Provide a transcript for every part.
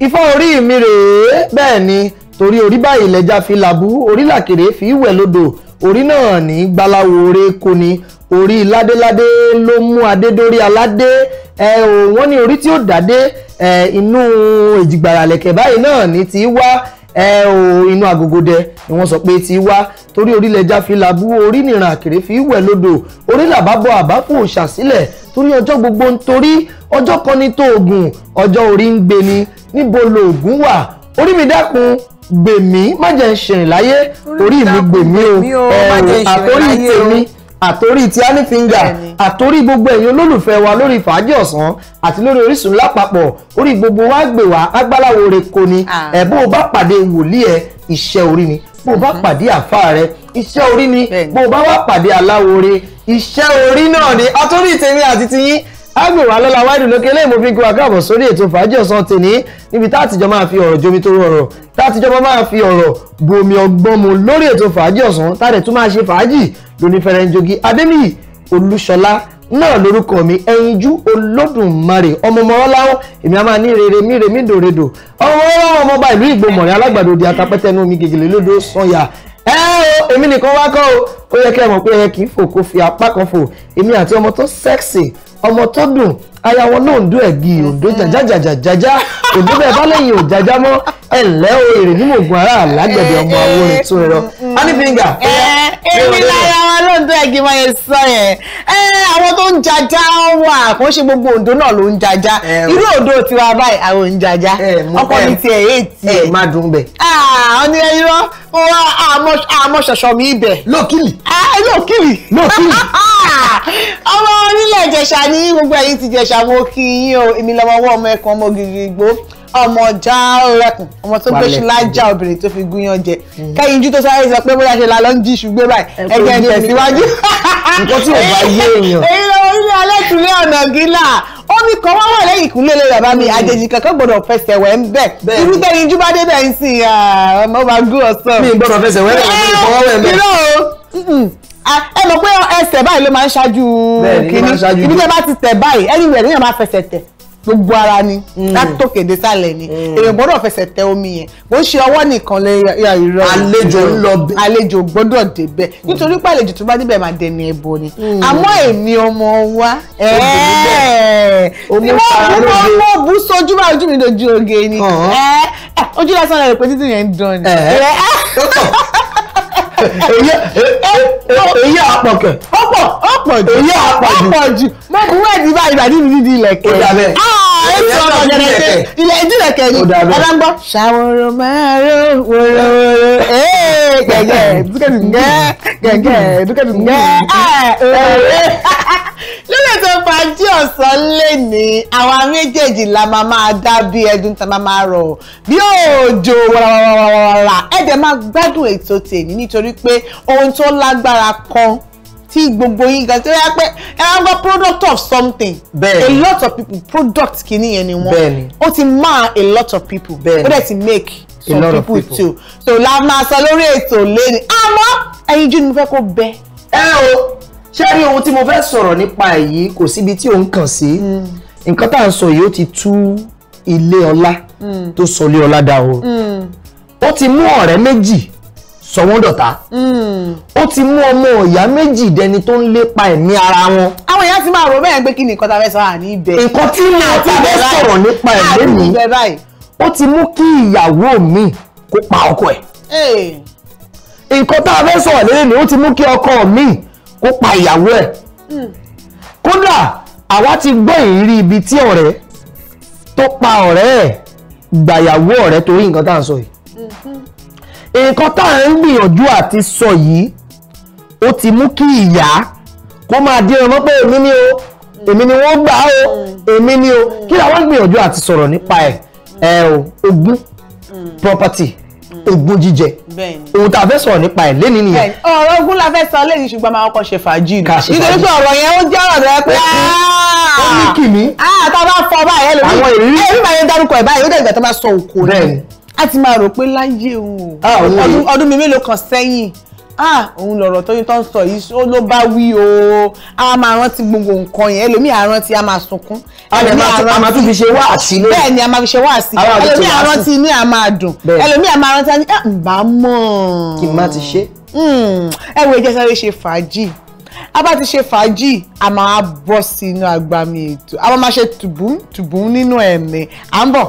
ifá orí mi rèé bẹ́ẹ̀ ni torí orí báyìí lẹ́jà fi làbú orí làkèrè fi wẹ̀ lódò orí náà ní gbaláwo oré kò ní orí ládéládé ló mú adé dórí aládé ẹ ò wọ́n ní orí tí ó dádé ẹ inú èjìgbàrà lẹ̀kẹ̀ báyìí náà ní ti wá ẹ o inú agogode, ni wọ́n sọ pé ti wá torí orílẹ̀ jáfilà bú orí nìran àkèrè fi wẹ̀ lódò orí làbábọ̀ àbáfò ṣàsílẹ̀ torí ọjọ́ gbogbo ń torí ọjọ́ kan ní tóògùn ọjọ́ orí ń gbé ni níbo lóògùn wà orí mi dákun gbèmí má jẹ́ ń ṣèrìn láyé orí mi gbèmí o ẹ̀rù àkórí tèmi àtòrí ti anifinga àtòrí gbogbo ẹ̀yin olólùfẹ́ wa lórí fàájì ọ̀sán àti lórí Orísun lápapọ̀ orí gbogbo wa gbè wá agbáláwo re ko ni ah. ẹ̀ bó o bá pàdé wòlíì ẹ iṣẹ́ orí ni bó o bá mm-hmm. pàdé àfáà rẹ iṣẹ́ orí ni bó o bá wà pàdé aláwo re iṣẹ́ orí náà ni àtòrí tèmi àti tiyín àgbè wà lọ́la wáìdù lókè eléyìí mo fi gbọ́ àkàbọ̀ sórí ètò fàájì ọ̀sán tèmi níbi táàtìjọ́ máa fi ọ̀rọ̀ jomi tó rọrọ̀ táàtìjọ́ máa fi ọ̀rọ̀ bomi ọgbọ́n mu lórí ètò fàájì ọ̀sán táàdẹ̀ tún máa ṣe fàájì lóní fẹrẹnjogi adémíyì olúṣọlá náà lórúkọ mi ẹyinjú olódùmarè ọmọ ọmọ ọláwọ èmi a máa ní rere mi rèmi dòredò ọmọ ọlọ́wọ́ ọmọ ọba ìlú ìgbòmọ̀rẹ́ o èmi nìkan wá kọ́ o ó yẹ kí ẹ mọ̀ pé ẹ kì í fò kó fi apá kan fò èmi àti ọmọ tó ọmọ tó dùn aya wọn náà ń dún ẹ̀gì òǹdó jàjàjàjàjà òǹdó bẹ́ẹ̀ bá lẹ́yìn òjàjà mọ́ ẹ̀ ǹlẹ́ o èrè nínú ògùn ara àlágbẹ̀dẹ ọmọ awórin tún ẹ̀rọ ánìfíńgà. ẹ èmi lára wọn ló ń dún ẹ̀gì máa yẹ sọ yẹn ẹ eh, àwọn tó ń jàjà wà kò ṣe gbogbo òǹdó náà ló ń jàjà eh, irú òǹdó tiwa báyìí àwọn ń jàjà eh, ọkọ mi tiẹ̀ èyí tiẹ̀. ẹ má dùn bẹ́ẹ̀. àwọn ah, ni ẹ yọ àmọ́ ṣọ̀ṣọ̀ mi ibẹ̀. lókìlì. Ah, lókìlì. lókìlì. Ah, ọmọ onílẹ̀ ìjẹ̀ṣà ní gbogbo ẹ̀yin ti jẹ̀ṣà mo kí yín o èmi lọ́mọ ọwọ́ ọmọ ẹ̀kan ọmọ gírí igbó ọmọ ọjà rẹkùn ọmọ tó gbé ṣe lájà obìnrin tó fi gúnyán jẹ mhm. kẹyìn ju tó sáré sọ pé bóyá ṣe la lọ ń jí ṣùgbọ́n báyìí ẹgbẹ́ ẹni tẹ̀síwájú. nǹkan tí ò bá yé èèyàn. èyí ló ń rí alẹ́ ìtúlẹ̀ ọ̀nà gíla omi kan wá wà lẹ́yìn ìkúlé lè bàbá mi hmm. àjèjì kankan gbọ́dọ̀ fẹsẹ̀ wẹ̀ ń bẹ̀ irú tẹ́yìn jú bá dé bẹ̀ ń sìn ah, ọmọ bá gún ọ̀sán. mi gbọ́dọ̀ fẹsẹ̀ wẹ̀ ẹ mọ̀ pé ẹsẹ̀ báyìí ló máa ń ṣáájú kínní ibi tí ẹ bá ti tẹ̀ báyìí anywhere níyàn máa fẹsẹ̀ tẹ̀ gbogbo ara ni mm. látòkè dé sàlẹ̀ ni mm. èèyàn gbọ́dọ̀ fẹsẹ̀ tẹ omi yẹn bó ṣe ọwọ́ nìkan lè ya ìrọ̀ àlejò ń lọ bẹ́ẹ̀ àlejò gbọ́dọ̀ débẹ̀ mm. nítorí pé àlejò tó bá débẹ̀ máa dẹni ẹ̀bọ ni àmọ́ èmi ọmọ wa tí wọ́n mú bú sojú bá ojú mi dojú oge ni ojú lásán rẹ̀ pé títí yẹn ń dán ni. èyí àpọ̀kẹ̀ ọ̀pọ̀ ọ̀pọ̀ jù èyí àpọ̀ jù mo bu wẹ́ẹ̀dì báyìí ìdàdí mi dídì ilẹ̀kẹ̀ ẹ sọ ọ̀rọ̀ gẹ̀rẹ̀kẹ̀ ilẹ̀ ìdílẹ̀kẹ̀ ni ọ̀dàgbọ́ ṣàwòrò márò wòròwòrò gẹ̀gẹ̀ dúkẹ́dùn gẹ́ gẹ̀gẹ̀ dúkẹ́dùn gẹ́ ẹ̀ẹ́ náà sọ lẹ́ni àwa méjèèjì la máa máa dá bí ẹdun tá a máa máa rọ̀ bí òòjò wàràwàràwàrà ẹ̀dẹ̀ máa gbádùn ètò tèmi nítorí pé ohun tó lágbára kan tí gbogbo yín gan tí ó yá pé ẹ wá gbọ́ product of something. bẹ́ẹ̀ni a lot of people product kìíní yẹn ni wọ́n. bẹ́ẹ̀ni ó ti máa a lot of people. bẹ́ẹ̀ni ó dẹ̀ ti make lot of people too. so la máa sọ lórí ètò lẹ́ni àmọ́ ẹ̀yin jù ni mo fẹ́ kó bẹ́ẹ̀. ẹ o ṣé rí ohun tí mo fẹ́ sọ̀rọ̀ nípa èyí kò síbi tí òun kàn sí hmm. nǹkan tá à ń sọ yìí ó ti tú ilé ọlá hmm. tó sọ ilé ọlá dá o hmm. ó ti mú ọ̀rẹ́ méjì sọ wọ́n dọ̀tá ó ti mú ọmọ ọ̀yá méjì dẹni tó ń lépa ẹ̀mí ara wọn. àwọn èèyàn ti máa rò bẹ́ẹ̀ pé kí ni nǹkan tá a fẹ́ sọ àní ibẹ̀. nǹkan tí mo ti fẹ́ sọ̀rọ̀ nípa ẹ̀ lónìí ó ti mú kí ìyàwó mi kó pa ọkọ ẹ̀. nǹkan tá a fẹ́ sọ̀rọ̀ lónìí ó ti mú kí ọkọ mi kó pa ìyàwó ẹ̀ hmm. kódà àwa ti gbọ́ ìrírí ibi tí ọ̀rẹ́ tó pa ọ̀rẹ́ ẹ̀ gbàyàwó ọ̀rẹ́ torí nǹkan tá à ń sọ yìí hmm. nǹkan tá à ń gbìyànjú àti sọ yìí ó ti mú kí ìyá kó máa dín ọmọ pé èmi ni o èmi ni wọ́n gbà o hmm. èmi ni o kí làwọn gbìyànjú àti sọ̀rọ̀ nípa ẹ̀ ẹ̀ o ogún property ogún jíjẹ ohun tá a fẹ́ sọ̀rọ̀ nípa ẹ̀ lẹ́ni nìyẹn. ọ̀rọ̀ ogun la fẹ́ sọ lẹ́yìn ṣùgbọ́n máa kọ́ ṣe fàájì ni nítorí pé ọ̀rọ̀ yẹn ó jẹ́ ọ̀rọ̀ rẹ pé ó ní kìmí. Ah! Ah, tá a bá fọ báyìí ẹ lómi ẹ bí báyìí dárúkọ ẹ báyìí ó dẹ̀ ìgbà tó bá sọ òkò rẹ̀ a ti máa rò pé láyé o ah, ọdún mi mélòó kan sẹ́yìn ah òun lọ̀rọ̀ tóyún tó ń sọ yìí ó ló bá wí o a máa rántí gbogbo nǹkan yẹn ẹlòmíì á a máa sunkún ẹlòmíì á a máa tún fi ṣe wá àsí lé bẹ́ẹ̀ ni a máa fi ṣe wá àsí ẹlòmíì á rántí inú ẹ̀ á máa dùn ẹlòmíì á máa rántí ẹni ah ǹbá mọ̀ kì má ti ṣe. Hmm. ẹ wo ìjẹsà ṣe fàájì a bá ti ṣe fàájì a máa bọ́ sí inú agbami ètò a máa ṣe tùbùn tùbùn nínú ẹ̀mí à ń bọ̀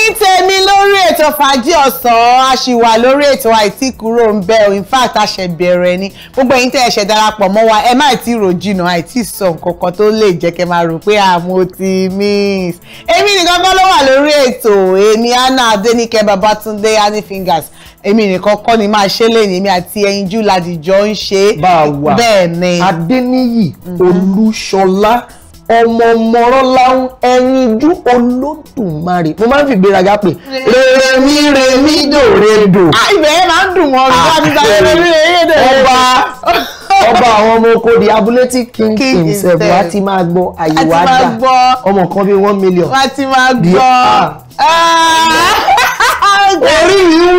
ẹ̀yin tèmi lórí ètò fàájì ọ̀sán a ṣì wà lórí ètò àìtí kúrò ń bẹ̀ ọ́ in fact a ṣẹ̀ bẹ̀rẹ̀ ni gbogbo ẹ̀yin tẹ́ ẹ darapọ̀ mọ́ wa ẹ má ti rò jìnnà àìtí sọ nǹkan kan tó lè jẹ́ kẹ́ máa rò pé àmọ́ ti miss èmi nìkan bọ́ ló wà lórí ètò èmi Anna Adéníkẹ́ Babátúndé honey fingers èmi nìkan kọ́ ni máa ṣe lẹ́yìn èmi àti Ẹyinjú Ládìjọ́ ń ṣe bẹ́ẹ̀ ni Adéníyì mm-hmm. Olúṣọlá ọmọ mọ̀rọ́ láwọn ẹyinjú olódùmarè mo máa ń fi ìgbéraga pè rẹ̀rẹ̀mí rẹ̀mí dòrèdò. ibẹ̀ yẹn máa ń dùn mọ́ ọ̀rọ̀ ah, láti ta rẹ̀rẹ̀mí rẹ̀mí dòrèdò. ọba ọba àwọn ọmọ oko the abúlétí king himself wa ti máa gbọ́ àyè dà ọmọ kan bíi one million. wa ti máa gbọ́ ah. Ah. orí yìí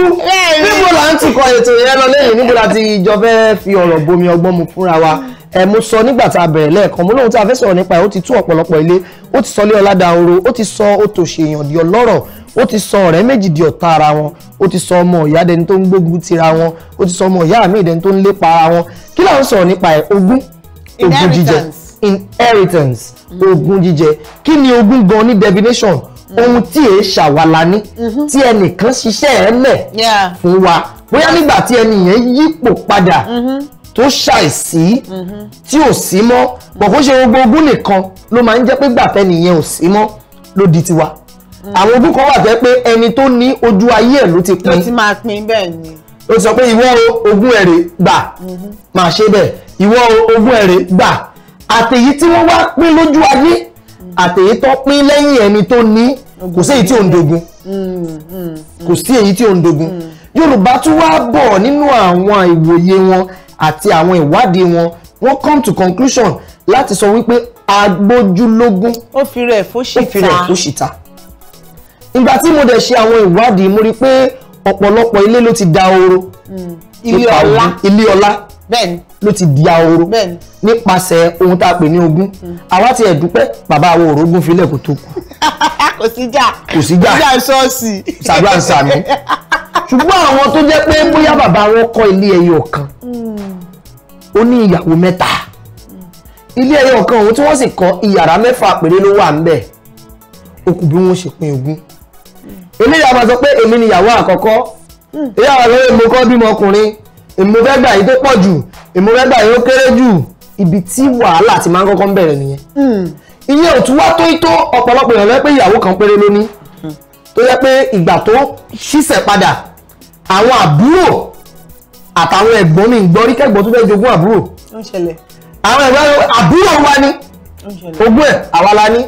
níbo là ń tukọ̀ ètò yẹn lọ lẹ́yìn níbo la ti jọ fẹ́ fi ọ̀rọ̀ bomi ọgbọ́n mu fúnra wa ẹ̀ mo sọ nígbà tá a bẹ̀rẹ̀ lẹ́ẹ̀kan mo lóhun tá a fẹ́ sọ̀rọ̀ nípa ẹ̀ ó ti tú ọ̀pọ̀lọpọ̀ ilé ó ti sọ léọlá dahoro ó ti sọ òtòṣì èèyàn di ọlọ́rọ̀ ó ti sọ ọ̀rẹ́ méjì di ọ̀tá ara wọn ó ti sọ ọmọ ìyá dẹni tó ń gbógun tira wọn ó ti sọ ọmọ ìyá mi dẹni tó ń lépa ara wọn kí là ń sọ̀rọ̀ nípa ẹ̀ ogún ogún jíjẹ inheritance mm-hmm. ogún jíjẹ kí ni ogún gan ní definition mm-hmm. ohun tí èé ṣàwàlà ní mm-hmm. tí ẹnìkan ṣiṣẹ́ ẹ̀ lẹ̀ fún wa bóyá nígbà tí ẹnìyẹn yípo padà tó ṣàìsí tí ò sí mọ́ bọ̀ kó ṣe gbogbo ogún nìkan ló máa ń jẹ́ pé gbàtẹ́ nìyẹn ò sí mọ́ ló di tiwa àwọn ogún kan wà tẹ́ pé ẹni tó ní ojú ayé ẹ̀ ló ti pín ló ti máa pín bẹ́ẹ̀ ni ó sọ pé ìwọ ogún ẹ̀rẹ̀ gbà máa ṣe bẹ́ẹ̀ ìwọ ogún ẹ̀rẹ̀ gbà àtèyí tí wọ́n wá pín lójú ayé àtèyí tó pín lẹ́yìn ẹni tó ní kò sí èyí tí ò ń dogun mm, mm, mm. kò sí èyí tí ò ń dogun Yorùbá tún wá bọ̀ nínú àwọn ìwòye wọn àti àwọn ìwádìí wọn wọ́n come to conclusion láti sọ wípé agbójúlógún ó fi rẹ̀ fóṣìta ìgbà tí mo dẹ̀ ṣe àwọn ìwádìí mo rí i pé ọ̀pọ̀lọpọ̀ ilé ló ti da ahoro hmm. ilé ọlá ló ti di ahoro nípasẹ̀ ohun tá a pè ní ogún hmm. àwa ti ẹ̀ dúpẹ́ bàbá àwọn òrógún filẹ̀ kò tó kù kò sí jà kò sí jà ìjà ṣọ́ọ̀ṣì sàdúrà ń sàmì ṣùgbọ́n àwọn tó jẹ́ pé bóyá bàbá wọn kọ́ ilé ẹyọ kan ó ní ìyàwó mẹ́ta ilé ẹyọ kan òun tí wọ́n sì kọ́ ìyàrá mẹ́fà péré ló wà ńbẹ̀ ó kù bí wọ́n ṣe pín ogún eléyà máa sọ pé èmi ni ìyàwó àkọ́kọ́ ìyá wa lọ́wọ́ èmo kọ́ bímọ ọkùnrin èmo fẹ́ gbà yìí tó pọ̀ jù èmo fẹ́ gbà yìí ó kéré jù ibi tí wàhálà ti máa ń kọ́kọ́ bẹ̀rẹ̀ nìyẹn ìyẹn ò wá tó tó ọ̀pọ̀lọpọ̀ èèyàn lẹ́pẹ́ ìyàwó kan péré lóní tó yẹ pé ìgbà tó ṣíṣẹ̀ padà àwọn àbúrò àtàwọn ẹ̀gbọ́n mi ń gbọ́ rí kẹ́gbọ́n tó fẹ́ jogún àbúrò. àwọn ẹ̀gbọ́n àbúrò wa ni ogún ẹ̀ àwa la ní.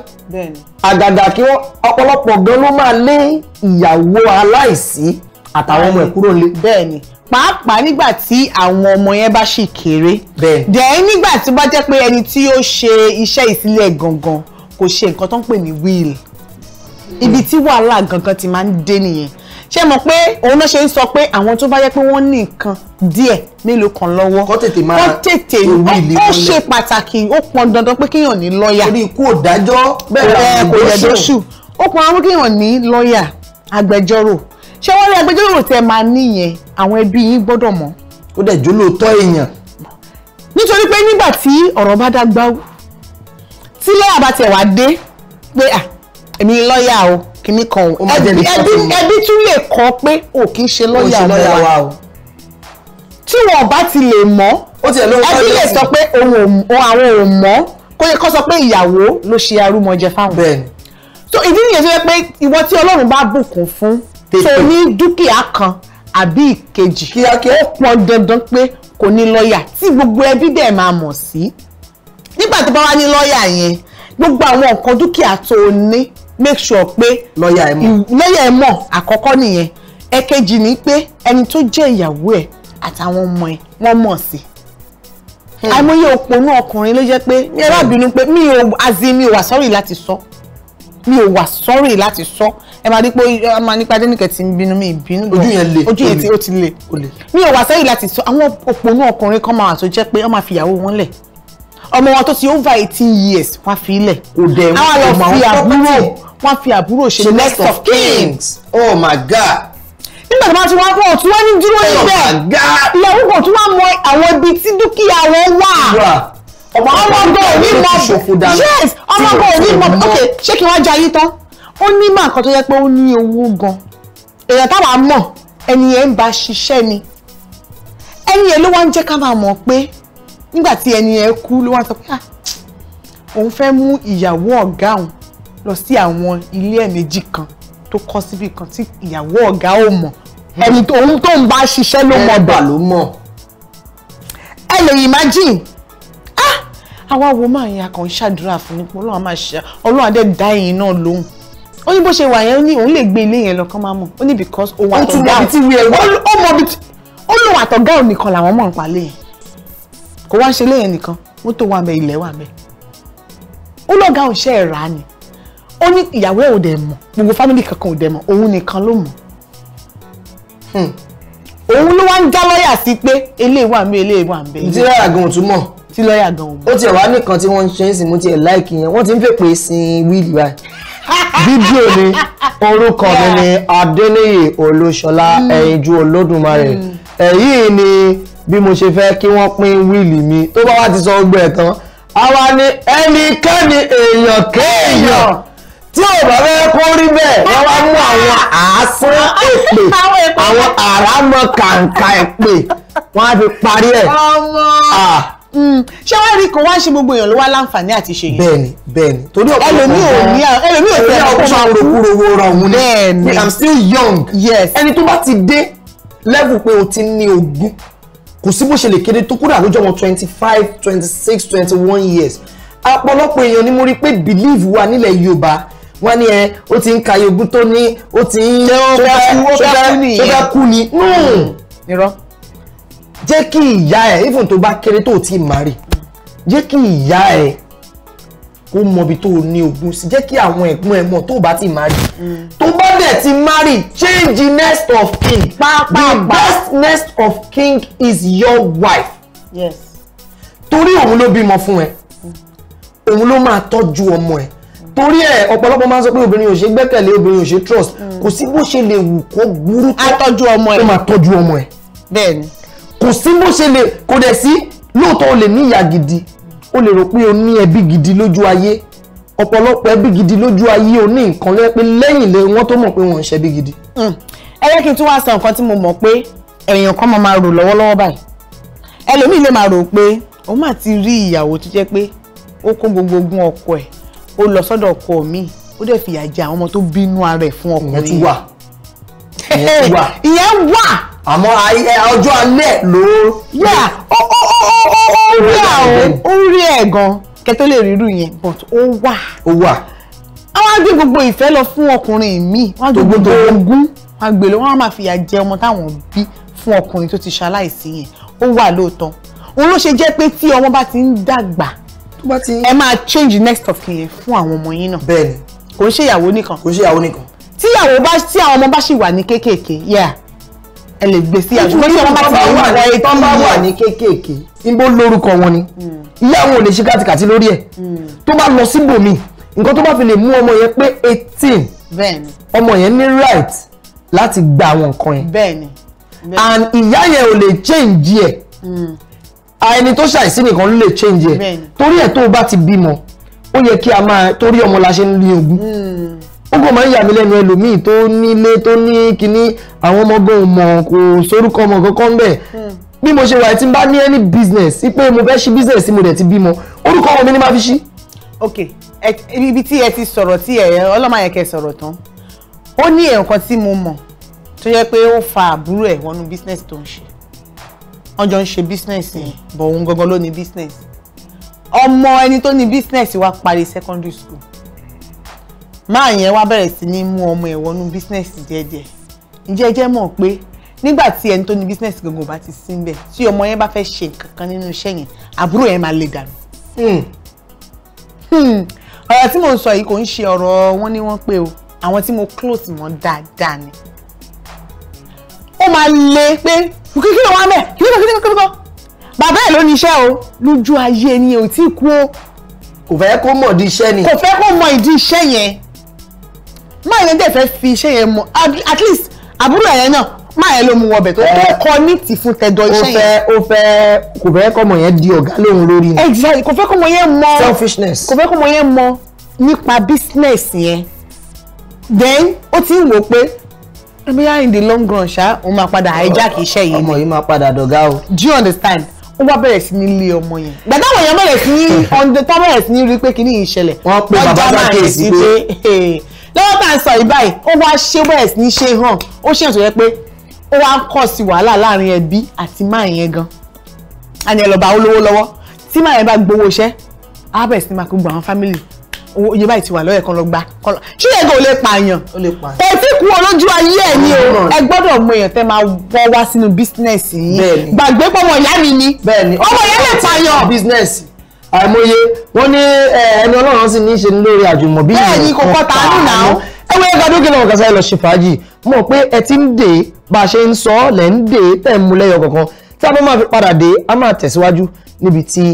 àgàgà kí ọ̀pọ̀lọpọ̀ gan ló máa lé ìyàwó aláìsí àtàwọn ọmọ ẹ̀ kúrò nílé. bẹ́ẹ̀ni pàápàá nígbà tí àwọn ọmọ yẹn bá ṣì kéré. bẹ́ẹ̀ dẹ̀ nígbà tí ó bá jẹ́ pé ẹni tí ó ṣe iṣẹ́ ìsílẹ̀ gangan kò ṣe nǹkan tó ń pè ní will ibi tí wàhálà gangan ti máa ń dé nìyẹn ṣé mọ̀ pé òun náà ṣe ń sọ pé àwọn tó bá yẹ pé wọ́n ní nǹkan díẹ̀ mélòó kan lọ́wọ́ kó tètè máa kó tètè ó ṣe pàtàkì ó pọn dandan pé kéèyàn ní lọ́ọ̀yà torí ikú òdájọ́ bẹ́ẹ̀ kò yẹ dóṣù ó pọn àwọn kéèyàn ní lọ́ọ̀yà agbẹjọ́rò ṣé wọ́n rí agbẹjọ́rò tẹ máa níyẹn àwọn ẹbí yín gbọ́dọ̀ mọ̀. ó dẹ̀ jólóòtọ́ èèyàn. nítorí pé nígbà tí ọ̀rọ̀ bá dágbáwó tí lọ́ọ̀yà bá tẹ̀ wá dé pé à èmi lọ́ọ̀yà o kinní kan ó máa jẹ́ ní fọ́tò mọ́ ẹbí tún lè kọ́ pé ò kì í ṣe lọ́ọ̀yà wa o tí wọn bá ti lè mọ̀ ẹbí lè sọ pé àwọn ò mọ̀ kó yẹ kó sọ pé ìyàwó ló ṣe arúmọjẹ fáwọn bẹ́ẹ̀ni so ìdí nìyẹn tó yẹ pé ìwọ tí Ọlọ́run bá bùkún fún tó ní dúkìá kan àbí ìkejì kíákíá ó pọn dandan pé kò ní lọ́ọ̀yà tí gbogbo ẹbí dẹ̀ máa mọ̀ sí nígbà tó bá wá ní lọ́ọ̀yà yẹn gbogbo àwọn nǹkan dúkìá tó o ní make sure pé lọ́ọ̀yà ẹ̀ mọ̀ mm, lọ́ọ̀yà ẹ̀ mọ̀ àkọ́kọ́ nìyẹn ẹ̀kejì ni pé ẹni tó jẹ́ ìyàwó ẹ̀ àtàwọn ọmọ ẹ̀ wọ́n mọ̀ sí hmm. àìmọye òpònú ọkùnrin ló jẹ́ pé mi ẹ bá hmm. bínú pé mi ò azi mi ò wà sọ́rí láti sọ mi ò wà sọ́rí láti sọ ẹ máa rí pé ẹ máa nípa adẹ́nìkẹ́ ti ń bínú mi ìbínú bọ̀ ojú yẹn le ojú yẹn ti ó ti le mi ò wà sọ́rí láti sọ àwọn òpònú ọkùnrin kan máa wà tó jẹ́ pé wọ́n máa fi ìyàwó wọn lẹ̀ ọmọ wọn tó ti over eighteen years wá fi ilẹ̀ kò dẹ̀ wọ́n máa ń property wọ́n fi àbúrò ṣe next of kings oh my god nígbà tí wọ́n ti wá pọ̀ tí wọ́n ní dúró oh níbẹ̀ ìyàwó kò tún wá mọ àwọn ibi tí dúkìá wọn wà ọmọ ọgọ òní mọ yes ọmọ ọgọ òní mọ ok ṣé kí wọ́n jẹ ayé tán ó ní mà kan tó yẹ pé ó ní owó gan èèyàn táwa mọ̀ ẹni yẹn ń bá ṣiṣẹ́ ni ẹni yẹn ló wá ń jẹ́ ká máa mọ̀ pé nígbà tí ẹni yẹn kú ló wá sọ pé ah, òun fẹ́ mú ìyàwó ọ̀gá òun lọ sí àwọn ilé ẹ̀ méjì kan tó kọ́ síbi kan tí ìyàwó ọ̀gá ò mọ̀ ẹni òun tó ń bá ṣiṣẹ́ ló mọ̀ bà ló mọ̀ ẹ lè imagine ah àwa wo máa yẹ akàn ṣàdúrà fún nípa ọlọ́run máa ṣe ọlọ́run adé dá ẹ̀yìn náà lóhùn ó ní bó ṣe wà yẹn ní òun lè gbé ilé yẹn lọ kán máa mọ̀ ó ní because òun àtọ̀gá ó mọ̀ bí ó lòun àtọ̀gá òun nìkan làwọn mọ̀ ń palẹ̀ yẹn kó wá ń ṣe léyìn nìkan mọ́tò wà mẹ́ ilẹ̀ wà mẹ́ ó lọ́gà òṣẹ́ ẹ̀ rà á ni ó ní ìyàwó ẹ̀ ò dẹ̀ mọ̀ gbogbo fámìlì kankan ò dẹ̀ mọ̀ òun nìkan ló mọ̀ hmm. òun ló wá ń já lọ́ọ̀yà sí pé eléyìí wà mí eléyìí wà mí. tí lọ́ọ̀yà gan ò tún mọ̀. tí lọ́ọ̀yà gan ò mọ̀. ó tiẹ̀ wá nìkan tí wọ́n ń ṣe é sìn mú tiẹ̀ láìkì yẹn wọ́n ti ń fèpè sin wíìlì báyìí fídíò ni orúkọ mi ni Adéléyè Olúṣọlá hmm. ẹ̀yinjú Olódùmarè hmm. èyí ni bí mo ṣe fẹ́ kí wọ́n pín wíìlì mi tó bá wá ti sọ gbogbo ẹ̀ tán àwa ni ẹnikẹ́ni èèyàn kéèyàn tí ò bá fẹ́ kó rí bẹ́ẹ̀ wọ́n wá mú àwọn àásán èpè àwọn àrámọ kàǹkà èpè wọ́n á fi parí ẹ̀. Hmm. ṣé wàá rí kò wá ṣe gbogbo èèyàn ló wá láǹfààní àti ṣe yẹn. bẹ́ẹ̀ni bẹ́ẹ̀ni torí ọ̀pọ̀ ẹlòmí ò ẹlòmí ò tẹ ọkọ máa rògbòrò wo ra òun ni i'm still young ẹni tó bá ti dé level pé o ti ní ogún kò sí bó ṣe lè kéde tó kúrò àlójọ́ wọn twenty five twenty six twenty one years ọ̀pọ̀lọpọ̀ èèyàn ni mo rí pé believe wà nílẹ̀ Yorùbá wọ́n ní ẹ ó ti ń ka yogun tó ní ó ti ń ṣọ́gá kú ni nírọ́ jẹ́ kí ìyá ẹ̀ even tó bá kéré tó ti marry jẹ́ kí ìyá ẹ̀ kó mọ ibi tó ní ogún sí jẹ́ kí àwọn ẹ̀gbọ́n ẹ̀ tó bá ti marry mm. tó bá dẹ̀ ti marry change the next of kin the best next of king is your wife yes. torí òun ló bímọ fún ẹ mm. òun ló máa tọ́jú ọmọ ẹ torí ẹ ọ̀pọ̀lọpọ̀ máa ń sọ pé obìnrin ò ṣe gbẹ́kẹ̀lé obìnrin ò ṣe trust mm. kò sí bó ṣe lè wù kó burú tó tó máa tọ́jú ọmọ ẹ bẹ́ẹ̀ni kò sí bó ṣe lè kò dẹ̀ sí lóòótọ́ o lè ní ìyá gidi o lè rò pé o ní ẹbí gidi lójú ayé ọ̀pọ̀lọpọ̀ ẹbí gidi lójú ayé o ní nǹkan lẹ́yìn pé lẹ́yìn lè wọ́n tó mọ̀ pé wọ́n ń ṣẹbí gidi. Hmm. ẹ jẹ́ kí n tún wá sọ nǹkan tí mo mọ̀ pé èèyàn kan máa rò lọ́wọ́lọ́wọ́ báyìí ẹlòmíì lè máa rò pé ó mà ti rí ìyàwó tó jẹ́ pé ó kó gbogbo ogún ọkọ ẹ̀ ó lọ sọ́dọ̀ ọkọ mi ó dẹ̀ fìyà jẹ àwọn ọmọ tó bínú ara ẹ̀ fún ọkùnrin. ìyẹn wà ìyẹn wà àmọ́ ọjọ́ alẹ́ ló. yà ó ó rí àwọn ó rí ẹ̀ gan kẹ́ tó lè rírú yẹn but ó wà. ó wà. àwọn á gbé gbogbo ìfẹ́ lọ fún ọkùnrin mi wọ́n á gbé gbogbo ogún wọ́n á gbé lọ wọ́n á máa fìyà jẹ ọmọ táwọn bí fún ọkùnrin tó ti ṣaláìsí yẹn ó wà lóòótọ́ òun ló ṣe jẹ́ pé tí ọmọ bá ti ń dàgbà ẹ máa change next of kin yẹn fún àwọn ọmọ yín náà bẹ́ẹ̀ni kò ń ṣe ìyàwó nìkan kò ń ṣe ìyàwó nìkan tíyàwó bá tí àwọn ọmọ bá ṣì wà ní kéékèèké yeah ẹ lè gbé sí àjùmọ̀ tí wọ́n bá ti wà ní ẹ̀ẹ́dì tán bá ní kéékèèké. níbo lórúkọ wọn ni hmm. ìyá àwọn ò lè ṣe kàtìkàtì lórí ẹ̀ hmm. tó bá lọ síbòmíì nǹkan tó bá fi lè mú ọmọ yẹn pé eighteen ọmọ yẹn ní right láti gba àwọn nǹkan yẹn. bẹ́ẹ̀ni and ìyá yẹn ò lè change yẹ hmm. ẹni tó ṣàìsí nìkan ló lè change yẹ torí ẹ̀ tó o bá ti bímọ ó yẹ kí a máa torí ọmọ la ṣe ń lé ogún ó kò máa ń yà mí lẹ́nu ẹlòmíì tó nílé tó ní kinní àwọn ọmọ gan mọ̀ kò sórúkọ ọmọ kankan bẹ́ẹ̀ bí mo ṣe wà tí n bá ní any business sí pé mo fẹ́ ṣí business tí mo dẹ̀ ti bímọ orúkọ ọmọ mi ni máa fi ṣí. ok ibi tí ẹ ti sọ̀rọ̀ tí ẹ ọlọ́mọ yẹn kẹ sọ̀rọ̀ tán ó ní ẹ̀kan tí mo mọ̀ tó yẹ pé ó fa àbúrò ẹ̀ wọnú business tó ń ṣe wọ́n jọ ń ṣe business yẹn bọ̀ òun gangan ló ní business ọmọ ẹni tó ní business wa parí secondary school máa yẹn wá bẹ̀rẹ̀ sí ní mú ọmọ ẹ̀ wọnú bísínẹ́sì díẹ̀díẹ̀ ǹjẹ́ ẹ jẹ́ mọ̀ pé nígbà tí ẹni tó ní bísínẹ́sì gbogbo bá ti sí níbẹ̀ tí ọmọ yẹn bá fẹ́ ṣe nǹkan kan nínú iṣẹ́ yẹn àbúrò yẹn máa le dànù. Hmm. Hmm. ọ̀rọ̀ tí mo sọ yìí kò ń ṣe ọ̀rọ̀ wọn ni wọ́n pé o àwọn tí mo close mọ́ dáadáa ni. ó máa le pé kíkí ló wá mẹ́ kíkí ló kíkí ló bàbá ẹ̀ ló ní iṣẹ́ o lójú ayé ni ò tí kú o. kò fẹ́ kó mọ̀ ìdí iṣẹ́ ni. kò fẹ́ kó mọ̀ ìdí iṣẹ́ yẹn máa yẹn dẹ̀ fẹ́ fi iṣẹ́ yẹn mọ at least àbúrò ẹ̀yẹn náà máa yẹn ló mu wọbẹ̀ tó tó eh. kọ ní tì fún tẹ̀dọ̀ iṣẹ́ yẹn. ó fẹ́ ó fẹ́ kò fẹ́ kọ́mọ yẹn di ọ̀gá lóhun lórí ni. exactly kò fẹ́ kọ́mọ yẹn mọ selfishness kò fẹ́ kọ́mọ yẹn mọ nípa business yẹn then ó ti ń wò pé bóyá in the long run ṣá òun máa padà hijack iṣẹ́ yìí ni ọmọ yìí máa padà dọ̀gá o. do you understand ó wá bẹ̀rẹ̀ sí ní lé ọmọ yẹn gbàdá àwọn èèyàn bẹ̀rẹ̀ sí ní ọ̀ndẹ̀tọ́ bẹ̀rẹ̀ sí ní rí pé kíní ìṣẹ̀lẹ̀ wọ́n pe bàbá sákèsí pé lọ́wọ́ tá à ń sọ yìí báyìí ó wá ṣe wẹ́ẹ̀s ní ṣe hàn ó ṣe ètò yẹ pé ó wá kọ̀ sí wàhálà láàrin ẹbí àti máa yẹn gan àni ẹ lọ bá olówó lọ́wọ́ tí máa yẹn bá gbowó iṣẹ́ á bẹ̀rẹ̀ sí máa kó gbọ́ àwọn fámìlì owó iye báyìí ti wà lọ́yẹ̀ kan lọ gba kọ́lọ́ ṣé ẹ̀gàn ò lè pààyàn kò tí kú olójú ayé ẹ̀ ni o ẹ gbọ́dọ̀ mọ èèyàn tẹ́ máa wọ́ wá sínú bísínẹ́sì yìí gbàgbé pọ̀ mọ̀ ìyá mi ni ọmọ ìyá lè pààyàn àìmọye wọn ní ẹni ọlọ́run sì ní í ṣe lórí àjùmọ̀bí yìí kò kọ́ tàánù náà ẹ wọ́n yẹ ká dókè lọ́wọ́ kásá ẹ lọ ṣe fàájì mọ̀ pé ẹ ti ń dè bá a ṣe ń sọ lẹ́ ń dè tẹ̀ ń mu lẹ́yọ kọ̀ọ̀kan tí a bá máa fi padà dé a máa tẹ̀síwájú níbi tí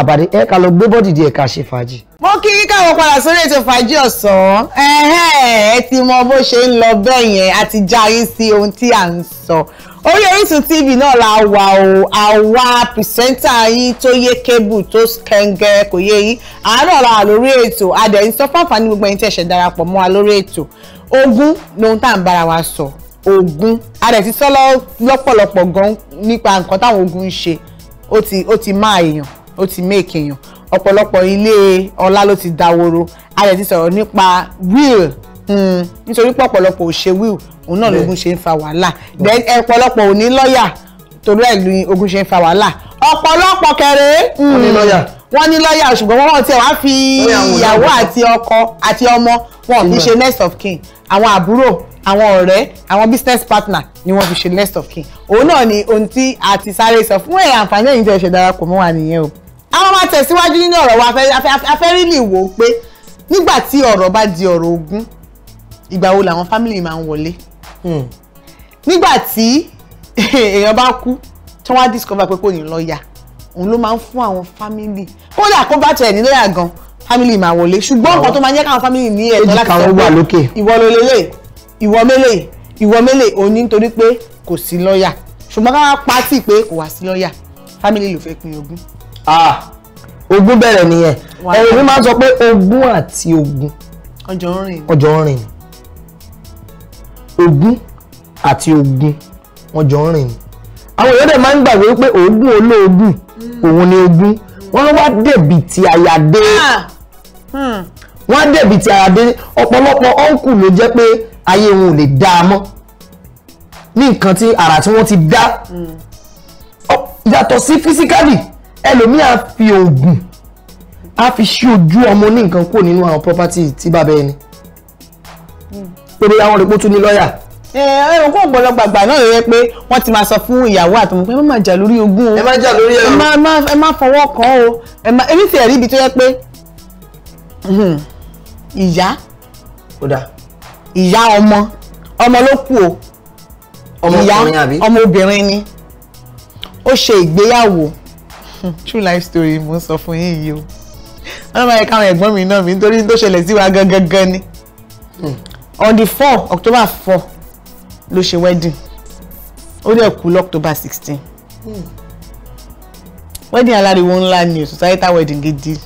àbàdé ẹ ká lọ gbé bọ́dì díẹ̀ ká ṣe fàájì. mo kí káwọn padà sórí ètò fàájì ọ̀sán ẹ ti mọ bó ṣe ń lọ bẹ́ẹ̀ yẹn a ti jáyé sí ohun tí à ń sọ orí Orísun TV náà la wà o àwa pìsẹ́ńtà yín tó yé kébù tó kẹ̀ǹgẹ́ kò yé yín àárọ̀ la lórí ètò adẹ̀ ń sọ fáfàní gbogbo ẹni tí ẹ̀ṣẹ̀ darapọ̀ mọ́ wa lórí ètò ogún lohun tá à ń bára wa sọ ogún adẹ̀ ti sọ lọ́pọ̀lọpọ̀ gan nípa nǹkan táwọn ogún ń ṣe ó ti máa èèyàn ó ti make èèyàn ọ̀pọ̀lọpọ̀ ilé ọlá ló ti dàwòrò a lè ti sọ̀rọ̀ nípa will hmm, nítorí pé ọ̀pọ̀lọpọ̀ ò ṣe will òun náà lógún ṣe ń fa wàhálà then ọ̀pọ̀lọpọ̀ ò ní lọ́ọ̀yà torí ẹ̀ lu ogun ṣe ń fa wàhálà ọ̀pọ̀lọpọ̀ kẹrẹ hmm, wọ́n ní lọ́ọ̀yà ṣùgbọ́n wọ́n tiẹ̀ wá fi ìyàwó àti ọkọ àti ọmọ wọn fi ṣe next of kin àwọn àbúrò àwọn ọ̀rẹ́ àwọn business partner ni wọ́n fi ṣe next of kin òun náà ni ohun tí a ti sáré sọ fún ẹ̀yà àǹfààní ẹ̀yìn tí ẹ ṣe darapọ̀ mọ́ wa nìyẹn o àwọn máa tẹ̀síwájú nínú ọ̀rọ̀ wa afẹ́rìlì wò ó pé nígbà tí ọ̀rọ̀ bá di ọ̀rọ̀ ogún ìgbà wo làwọn fámìlì máa ń wọlé hmm. nígbà tí èèyàn bá kú tí wọ́n á discover pé kò ní lọ́ọ̀yà òun ló máa ń fún àwọn fámìlì kódà kó bá tẹ̀ ní lọ́ọ̀yà gan fámìlì máa wọlé ṣùgbọ́n nǹkan tó máa ń jẹ́ káwọn fámìlì ní ẹ̀tọ́ láti sọ pé ìwọ ló lélẹ̀ ìwọ mélèé ìwọ mélèé òun ní nítorí pé kò sí lọ́ọ̀yà ṣùgbọ́n káwọn pa á tì pé kò wá sí lọ́ọ̀yà fámìlì ló fẹ́ pín ogún ah ogun bẹ̀rẹ̀ nìyẹn ẹ̀rọ mi máa ń sọ pé ogún àti ogun ọjọ́ rìn ọjọ́ rìn ogún àti ogun ọjọ́ rìn àwọn èèyàn dẹ̀ máa ń gbàgbé pé oògùn olóògùn hmm. òun ni ogun wọ́n wá dẹ̀bi ti àyàdé ah! hmm. wọ́n á dẹ̀bi ti àyàdé ọ̀pọ̀lọpọ̀ ọ̀nkù ló jẹ́ pé ayé wọn ò lè dá a mọ́ ní nǹkan tí àrà tí wọ́n ti dá hmm. yàtọ̀ sí físíkálì ẹlòmíà fi oògùn a fi ṣí ojú ọmọ ní nǹkan kúrò nínú àwọn property tí bàbá ẹni pé bóyá wọn rí pé ó tún ní lọ́ọ̀yà. ẹ̀rọ kó ọ̀pọ̀lọpọ̀ àgbà náà yẹ pé wọ́n ti máa sọ fún ìyàwó àtọmọ pé ẹ má máa jà lórí ogún o ẹ má jà lórí ẹrù ẹ má fọwọ́ kàn o èmi ti ẹ̀rí ibi tó yẹ pé ìyá ìyá ọmọ ọmọ ló kú o ìyá ọmọ obìnrin ni ó ṣe ìgbéyàwó true life story mo ń sọ fún yín yìí o wọn máa yẹ káwọn ẹ̀gbọ́n mi náà mi nítorí tó ṣẹlẹ̀ sí wa gangan gan ni hmm. on the four october four ló ṣe wedding ó dẹ̀ kú lọ́ctober sixteen hmm. wedding aláriwo ńlá ni o societal wedding gidi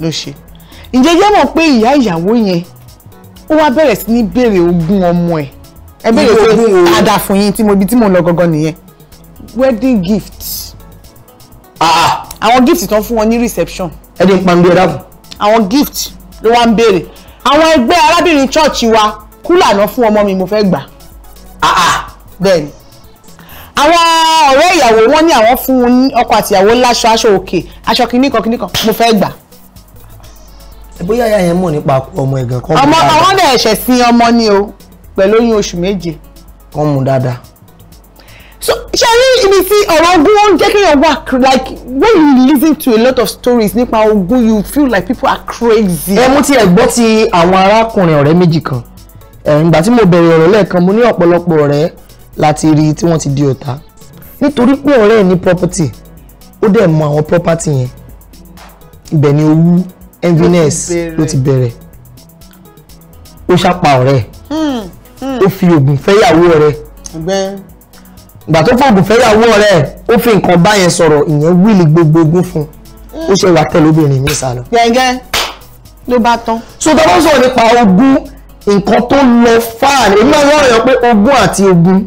ló ṣe ǹjẹ́ jẹ́ mọ̀ pé ìyá ìyàwó yẹn ó wá bẹ̀rẹ̀ sí ní béèrè ogún ọmọ ẹ̀ ẹ béèrè pé ada fún yín tí mo ibi tí mo lọ gangan nìyẹn wedding gift Ah, ah. àwọn gift tán fún wọn ní reception. ẹ dín pa ń gbé dáàbò. àwọn gift ló wá ń béèrè àwọn ẹgbẹ́ arábìnrin chọ́ọ̀chì wa kúlànà fún ọmọ mi mo fẹ́ gbà. Ah, bẹ́ẹ̀ ni àwọn ọ̀rẹ́ ìyàwó wọn ní àwọn fún un ọkọ àtìyàwó láṣọ aṣọ òkè aṣọ kìnnìkan kìnnìkan mo fẹ́ gbà. bóyá ìyá yẹn mọ̀ nípa ọmọ ẹ̀gàn kan. ọmọ àwọn náà ẹ̀ṣẹ̀ sí ọmọ ni o pẹ̀lú oyún oṣù méje. kàn mú dáadáa. so ṣe rí ibi tí ọ̀rọ̀ ogun ó ń jẹ́ kéèyàn wà like when you listen to a lot of stories nípa ogun you feel like people are crazy. ẹ mú tiẹ̀ gbọ́ ti àwọn arákùnrin ọ̀rẹ́ méjì kan ìgbà tí mo bẹ̀rẹ̀ ọ̀rọ̀ lẹ́ẹ̀kan mo ní ọ̀pọ̀lọpọ̀ ọ̀rẹ́ láti rí tí wọ́n ti di ọ̀tá nítorí pé ọ̀rẹ́ ẹ̀ ní property ó dẹ̀ mọ àwọn property yẹn ibẹ̀ ni owú enviness ló ti bẹ̀rẹ̀ ó ṣàpà ọ̀rẹ́ hmm, hmm. ó fi oògùn fẹ́yàwó ọ̀rẹ́ ìgbà tó fòògùn fẹ́ yàwó ọ̀rẹ́ ẹ̀ ó fi nǹkan bá yẹn sọ̀rọ̀ ìyẹn wíìlì gbogbo ogún fún un ó ṣe wà tẹ̀lé obìnrin mi sálọ. gẹ́gẹ́ ló bá tán. so tó bá ń sọ̀rọ̀ nípa ogún nǹkan tó lọ fáà ní ìgbà wọn rẹ̀ pé ogún àti ogún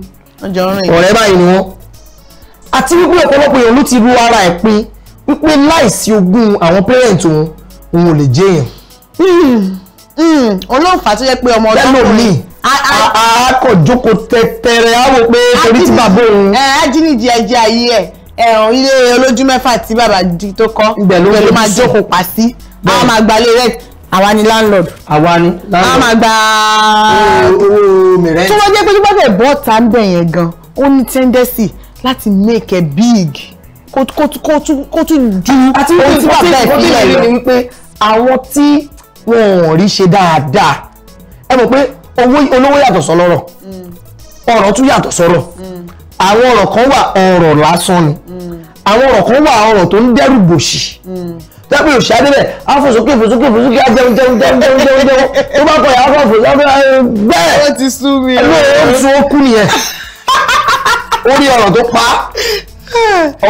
ọ̀rẹ́ báyìí ni wọ́n. àti wípé ọ̀pọ̀lọpọ̀ èèyàn ló ti ru ara ẹ̀ pin wípé láìsí ogún àwọn pẹ́rẹ́ǹtì òun òun ò lè hmm, hmm, jẹ́ èèyàn. olóòfà tó yẹ pé ọmọ ọdún a kò jókòó tẹ̀tẹ̀rẹ̀ á wò pé torí tí bàbá òun. ajínigbé ẹjẹ ayé ẹ ẹ̀hún ilé olójú mẹ́fà tí bàbá di tó kọ́ ìgbẹ̀lú máa jókòó pa sí a máa gbalé rent àwa ni landlord. àwa ni landlord. a máa gba owó mìíràn. tó wọ́n jẹ́ pé tó bá fẹ́ bọ́ ta ń bẹ̀ yẹn gan ó ní tendency láti make it big kó tún ju ohun tí bàbá ẹ̀ fi lẹ̀ lọ. àwọn tí wọn ò rí ṣe dáadáa ẹ mọ̀ pé owó olówó yàtọ̀ sọlọ́rọ̀ ọ̀rọ̀ tún yàtọ̀ sọ̀rọ̀ àwọn ọ̀rọ̀ kan wà ọ̀rọ̀ lásán ni àwọn ọ̀rọ̀ kan wà ọ̀rọ̀ tó ń dẹ́rù bòṣì tẹ́bí òṣìṣẹ́ adébẹ̀ afọ̀sókè fòsókè fòsókè ajẹun jẹun jẹun jẹun jẹun jẹun tó bá kọyà afọ̀fòsókè bẹ́ẹ̀ ó ti sú mi ọ̀ ló ń sun okú nìyẹn orí ọ̀rọ̀ tó pa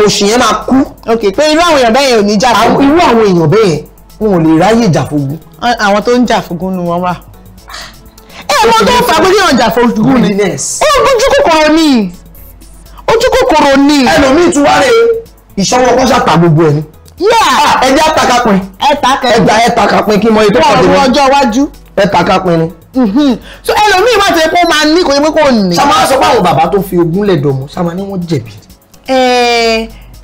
òṣì yẹn máa kú. ok pé irú àwọn èèyàn bẹ́ẹ̀ yẹn ò ní jà fún. irú àwọn èèyàn bẹ́ẹ̀ yẹn wọn ò lè ráyè jà fún. àwọn tó ń jà fún gúnnú wọn wà ọmọ tó fà pé kéèyàn jà fojúkú ni ó ojú kòkòrò ni ojú kòkòrò ni. ẹlòmíì tún wá rè é ìṣọwọ́ kan ṣàtà gbogbo ẹ̀ ni. ẹjẹ àtàkàpin ẹgbà ẹtàkàpin kí mo yẹ tó pàdé wọn. wọ́n ọjọ́ iwájú. ẹtàkàpin ni. Mhm. so ẹlòmíì má ti pé ó máa ní kò yẹ pé kò ní. sàmà sọ pé àwọn bàbá tó fi ogún lẹ̀ dọ̀mọ́ sàmà ni wọ́n jẹ̀bi.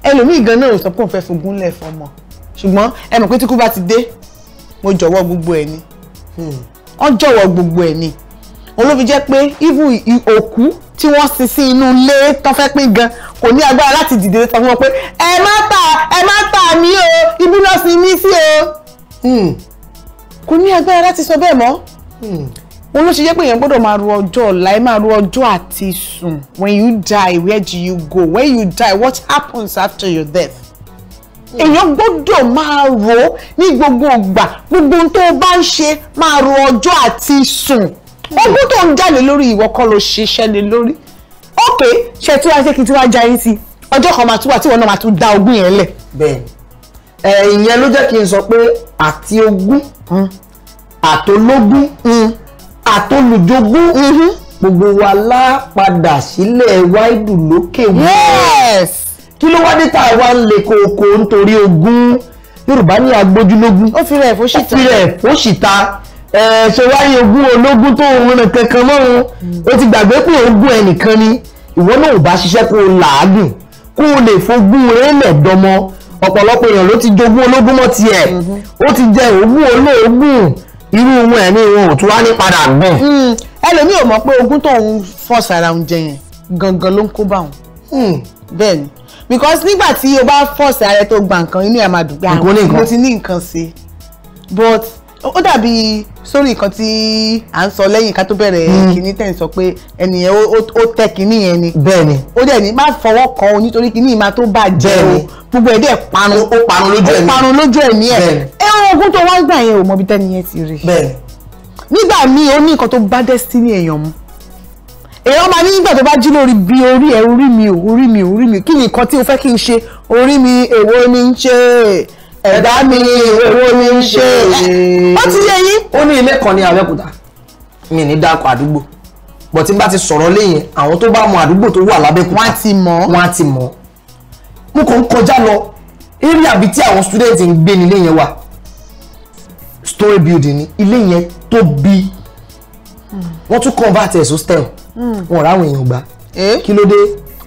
ẹlòmíì gan náà sọ pé òun fẹ́ fogún lẹ̀ fọmọ ṣùgbọ́n ẹ mọ̀ pé tí kú bá ti dé mo jọ̀wọ́ gbogbo ẹ̀ ni hmm. wọ́n jọ̀wọ́ gbogbo ẹ̀ ni olóbi jẹ́ pé even òkú tí wọ́n sin sí inú ilé tán fẹ́ pín gan kò ní agbára láti dìde tán fún wọn pé ẹ má tà ẹ má tà mí o ibi lọ sí mí sí o hmm. kò ní agbára láti sọ bẹ́ẹ̀ mọ́ wọn hmm. ló ṣe jẹ́ pé èèyàn gbọ́dọ̀ máa ru ọjọ́ ọ̀la ẹ máa ru ọjọ́ àti sùn when you die where do you go when you die what happens after your death hmm. èèyàn gbọ́dọ̀ máa rò ní gbogbo ìgbà gbogbo ohun tó o bá ń ṣe máa ru ọjọ́ àti sùn ogún tó ń jalè lórí ìwọ kọ́ ló ṣiṣẹ́ lé lórí ó pé ṣe tí wàá ṣe kí tí wàá jayé sí ọjọ́ kan máa tún wà tí wọn náà máa tún da ogún yẹn lẹ̀. bẹ́ẹ̀ ẹ ìyẹn ló jẹ́ kí n sọ pé àti ogún hmm. àtológún hmm. àtolùjogún mm-hmm. gbogbo wa lápadà sílẹ̀ wáìdù lókè wọ́n kí ló wá dé tá a wá ń le kooko nítorí ogún yorùbá ní agbójúlógún ó fi rẹ̀ fóṣìta ó fi rẹ̀ fóṣìta ṣe wáyé ogún ológun tó ń rìn kankan mọ́run ó ti gbàgbé pé ogún ẹnìkan ni ìwọ náà ò bá ṣiṣẹ́ kó o làágùn kó o lè fogún erélẹ̀ dọmọ ọ̀pọ̀lọpọ̀ èèyàn ló ti jogún ológun mọ́ tiẹ̀ ó ti jẹ ogún olóògùn irú ohun ẹ̀mí wọn ò tún wá ní padà gùn. Hmm. ẹlòmíì ò mọ̀ pé ogún tó ń fọ́ sára oúnjẹ yẹn gangan ló ń kó bá wọn hmm. bẹ́ẹ̀ ni because nígbà tí o bá fọ́ sára tó gba nǹkan inú ẹ̀ máa dùn pé àwọn ah, ti ní nǹkan ṣe but ó dàbí sórí nǹkan tí à ń sọ lẹ́yìn ká tó bẹ̀rẹ̀ hmm. kìíní tẹ̀ ń sọ pé ẹnìyẹn ó tẹ kìíní yẹn ni. bẹ́ẹ̀ni. ó dẹ̀ ní má fọwọ́ kan o nítorí kìíní máa tó bàjẹ́ o gbogbo ẹ̀ dẹ̀ parun. ó parun lójú ẹ̀mí. ó parun lójú ẹ̀mí ẹ̀. bẹ́ẹ̀ni. ẹ oògùn tó wá gbà yẹn ò mọbi tẹ́niyẹn ti rí. bẹ́ẹ̀ni. nígbà míì ó ní nǹkan tó bá destiny èèyàn mu èèyàn máa ní nígbà tó bá jí lórí bí orí ẹ orí mi ò orí mi ò orí mi kí ni nǹkan tí o fẹ́ kí n ṣe orí ẹ̀dá mi owó ni ń ṣe ó ti yé yín. ó ní ilé kan ní Abẹ́òkúta mi ní dáko àdúgbò bọ̀ tí n bá ti sọ̀rọ̀ lẹ́yìn àwọn tó bá mọ àdúgbò tó wà lábẹ́òkúta wọ́n á ti mọ̀ wọ́n á ti mọ̀ mo kàn ń kọjá lọ eré àbí tí àwọn student ń gbé nílé yẹn wà story building ni ilé yẹn tóbi wọ́n tún convert ẹ̀ sọ́stẹ̀l hmm. wọn ò ráwọn èèyàn gbà eh? kí ló dé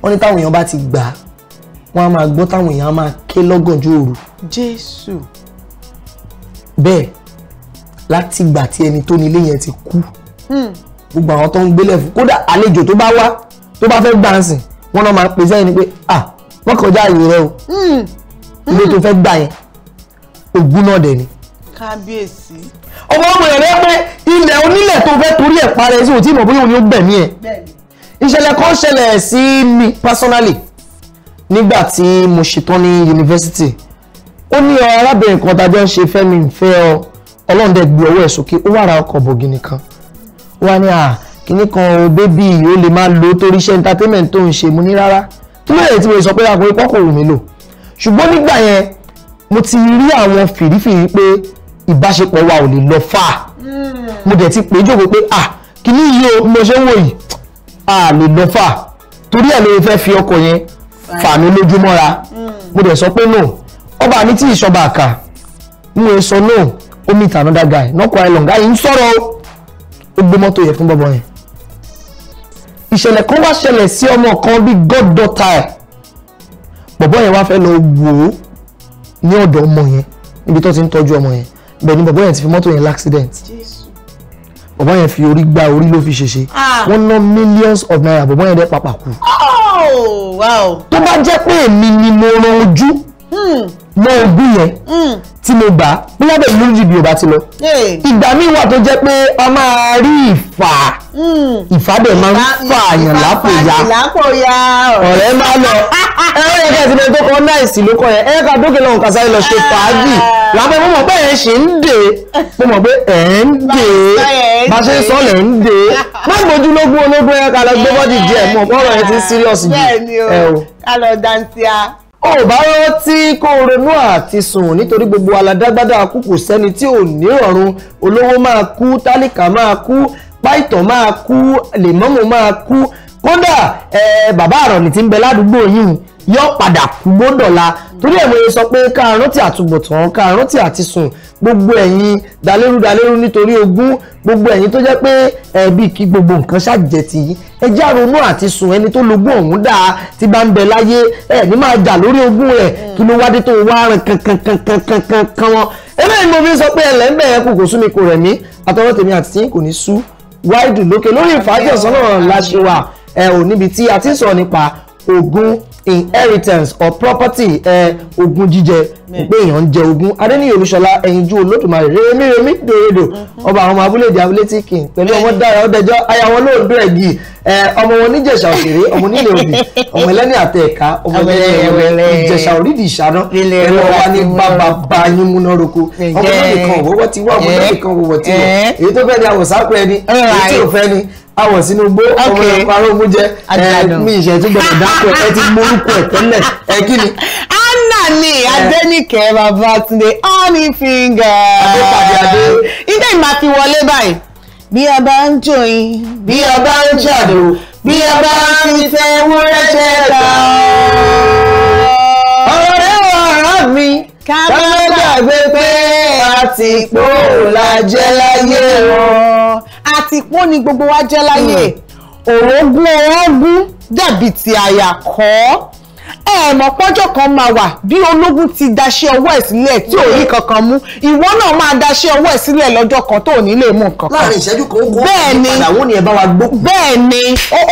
wọ́n ní táwọn èèyàn bá ti gbà á wọ́n á máa gbọ́ táwọn èèyàn á máa ké lọ́gànjọ́ òru. jésù. bẹ́ẹ̀ látìgbà tí ẹni tó nílé yẹn ti kú hmm. gbogbo àwọn tó ń gbélé fún kódà àlejò tó bá wá tó bá fẹ́ gbàǹsìn wọ́n náà máa pè sẹ́yìn ni pé ah wọ́n kọjá àyè rẹ o hmm. ilé tó fẹ́ gbà yẹn ògún náà dẹ̀ ni. kábíyèsí. ọmọ ọmọ rẹ pé ilẹ̀ onílẹ̀ tó fẹ́ torí ẹ̀ parẹ́ sí òtí ìmọ̀ bóyá òun ni ó gbẹ̀mí ẹ̀ ìṣẹ̀lẹ̀ kan ṣẹlẹ̀ sí mi personally nígbà tí mo ṣetán ní yunifásitì ó ní ọ arábìnrin kan tá a jọ ń ṣe fẹ́mi ìfẹ́ ọ ọlọ́run dẹ̀ gbé ọwọ́ ẹ̀ sókè ó wà ra ọkọ̀ bògìnì kan ó wà ní à kíní kan o bébì ó lè máa lo torí iṣẹ́ entertainment tó ń ṣe mo ní rárá kí ló yẹ tí mo sọ pé àkórí pọ́kò wù mí lò ṣùgbọ́n nígbà yẹn mo ti rí àwọn fìrífìrí pé ìbáṣepọ̀ wa ò lè lọ fà á hmm. mo dẹ̀ ti pè é jókòó pé à kíní yìí o mo ṣe ń wò yìí à lè lọ fà á torí ẹ̀ ló fẹ́ fi ọkọ̀ yẹn fà mí lójú mọ́ra mo dẹ̀ sọ pé no ọba mi tí ìṣọba àkà mo yẹ sọ no ó meet another guy knock one long guy ń sọ̀rọ̀ ó gbé mọ́tò yẹ fún bọ́bọ́ yẹn ìṣẹ̀lẹ̀ kan wá ṣẹlẹ̀ sí ọmọ kan bíi god daughter ẹ̀ bọ̀bọ́ yẹn wá fẹ́ lọ wò ó ní ọ̀dọ̀ ọmọ yẹn níbi tó ti ń tọ́jú ọmọ yẹn bẹ́ẹ̀ ni bọ̀bọ́ yẹn ti fi mọ́tò yẹn l'accident bọ̀bọ́ yẹn fi orí gba orí ló fi ṣèṣe ah. wọ́n ná millions of naira bọ̀bọ́ yẹn dẹ́ pàpà kú. Ah tó bá jẹ́ pé èmi ni mo ran ojú mọ ogún yẹn hmm. tí mo gbà bóyá bẹ́ẹ̀ lórí ibi ò bá ti lọ ìgbà mi wà tó jẹ́ pé ọ máa rí ìfà hmm. ìfà bẹ́ẹ̀ máa ń fà àyàn lápòyà ọ̀rẹ́ máa lọ ẹ̀rọ yẹn kẹ́sì bẹ́ẹ̀ tó kọ́ náìsì ló kọ́ yẹn ẹ̀ka dókè lọ́hùn kàṣà yìí lọ ṣe ah. fàájì làbẹ́ mo mọ̀ pé ẹ̀ ṣì ń dè mo mọ̀ pé ẹ̀ ń dè bá ṣe sọ lẹ̀ ń dè má gbójú lógún ológun ẹ̀ka lọ gbé bọ́dì díẹ̀ mọ̀ bọ́ọ̀rọ̀ yẹn ti serious jù ẹ̀ o. ká lọ dantia ò bá rántí kó o ronú àti sùn nítorí gbogbo aládágbádá kú kò sẹ́ni tí ò ní ọ̀run olówó máa kú tálíkà máa kú páìtàn máa kú lèmọ́mù máa kú kódà bàbá àrọ̀nì tí ń bẹ ládùúgbò yìí yóò padà kú gbódọ̀la torí ẹ̀ mo sọ pé ká rántí àtúbọ̀tán àti sùn gbogbo ẹ̀yin dalérú dalérú nítorí ogún gbogbo ẹ̀yin tó jẹ́ pé ẹ̀bí kí gbogbo nǹkan ṣàjẹ́ ti yín ẹ já ronú àti sùn ẹni tó logún ọ̀hún dáa tí bá ń bẹ láyé ẹ ní máa jà lórí ogún rẹ̀ mm. kí ló wádé tó wá rìn kankankankankan wọn. ebe ni mo fi sọ pé ẹlẹ́ ń bẹ̀rẹ̀ kò kò sú mi kò rẹ̀ mí àtọwọ́ tèmi àti tíyín kò ní sú wáìdù lókè lórí Fàájì Ọ̀sán náà la ṣe wà ẹ ò níbi tí a ti sọ nípa ogún inheritance or property ẹ ogún jíjẹ pé èèyàn ń jẹ ogún adéníyè olúṣọlá ẹyinjú olódùmarè rèémí rèémí dòrèdò ọba àwọn ọmọ abúlé ìdí abúlé tí kì í pẹ̀lú ọmọ dára ọdẹjọ́ aya wọn lóòdù ẹ̀gì ọmọ wọn níjẹ̀ṣà òṣèré ọmọ nílé òbí ọmọ ẹlẹ́ni àtẹ ẹ̀ka ọmọ ẹlẹ́ni ìjẹ̀ṣà òrídìí ìṣáná ẹ̀rọ wa ní bàbá bá yín múná roko ọmọ lóde kan òwòwò ti wá ọmọ lóde kan òwòwò ti wọ̀ èyí tó fẹ́ ni àwòsápẹ́ ni èyí tí ò fẹ́ ni awọ sínú gbó ọmọ ẹ̀kọ́ arógún jẹ mi ìṣẹ̀tún gbọdọ̀ dákọ̀ ẹ ti morúkọ ẹ̀ tẹ́lẹ̀ ẹ kí ni. Ah, ni Adénìkẹ́ Babátúndé honey finger ibẹ̀ ni màá fi wọlé báyìí bí a bá ń jòyìn bí a bá ń jàdó bí a bá ń fi tẹ ewúrẹ́ jẹ ta ọ̀rẹ́ ọ̀rọ̀ mi ká bá gbàgbé pé àtìpó la jẹ́ láyé o. àtìpó ni gbogbo wa jẹ́ láyé hmm. òrógún orógún dàbí ti àyà kọ́ ẹ mọ̀ pọ́jọ́ kan máa wà bí ológun ti daṣẹ́ ọwọ́ ẹ̀ sílẹ̀ tí ò rí kankan mú ìwọ náà máa daṣẹ́ ọwọ́ ẹ̀ sílẹ̀ lọ́jọ́ kan tó ò ní lè mú nǹkan kan. láàrin ìṣẹ́jú kan ó kó ìpadà wọn ni ẹ bá wa gbó. bẹ́ẹ̀ ni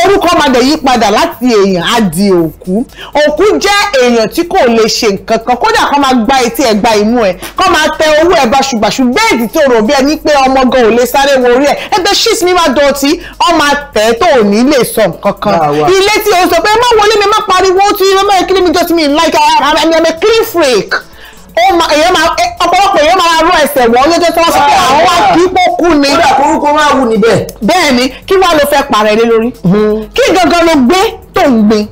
orúkọ máa dẹ̀ yí padà láti èèyàn á di òkú òkú jẹ́ èèyàn tí kò lè ṣe nǹkan kan kódà kan máa gba etí ẹ̀ gba imú ẹ̀ kan máa tẹ owó ẹ̀ báṣubàṣu bẹ́ẹ̀dì máa kí mi just me like I am a clean freak ọ̀pọ̀lọpọ̀ èèyàn máa rọ ẹsẹ̀ wọ́n lọ́jọ́ tí wọ́n sọ pé àwọn wá kí pọ́ kú ni. kódà korúkọ máa wù níbẹ̀. bẹ́ẹ̀ ni kí wàá ló fẹ́ pààrẹ̀ lé lórí. Hmm. kí gangan ló gbé tó ń gbin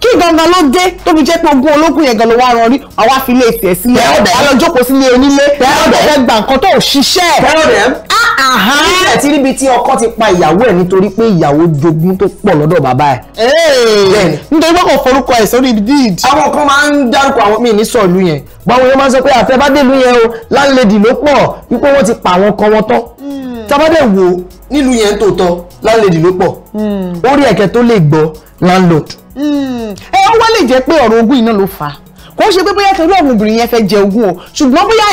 kí gangan ló dé tó fi jẹ́ pé ogún ológun yẹn gan ló wá ran rí àwa fi ilé ìtẹ̀ sílẹ̀ wà lọ jókòó sílé onílé tẹ́lẹ̀ gba nǹkan tó ṣiṣẹ́. ilé tí níbi tí ọkọ ti pa ìyàwó ẹ̀ nítorí pé ìyàwó jogún tó pọ̀ lọ́dọ̀ bàbá ẹ̀. nítorí pé kò forúkọ ẹ̀ sórí deed. àwọn kan máa ń dárúkọ àwọn míì ní sọ̀lú yẹn báwọn yẹn máa ń sọ pé àfẹ́bádẹ́lú yẹn o láńlẹ́dì ló pọ̀ wípé wọ́n ti pa àwọn kan wọn tán hmm. tábàdẹ̀ wò nílùú yẹn tó tọ́ láńlẹ́dì ló pọ̀ orí hmm. ẹ̀kẹ́ tó lè gbọ́ landlord Hmm. ẹ ó wá lè jẹ́ pé ọ̀rọ̀ ogún iná ló fà á kò ṣe pé bóyá torí ọ̀hún obìnrin yẹn fẹ́ jẹ ogún o ṣùgbọ́n bóyá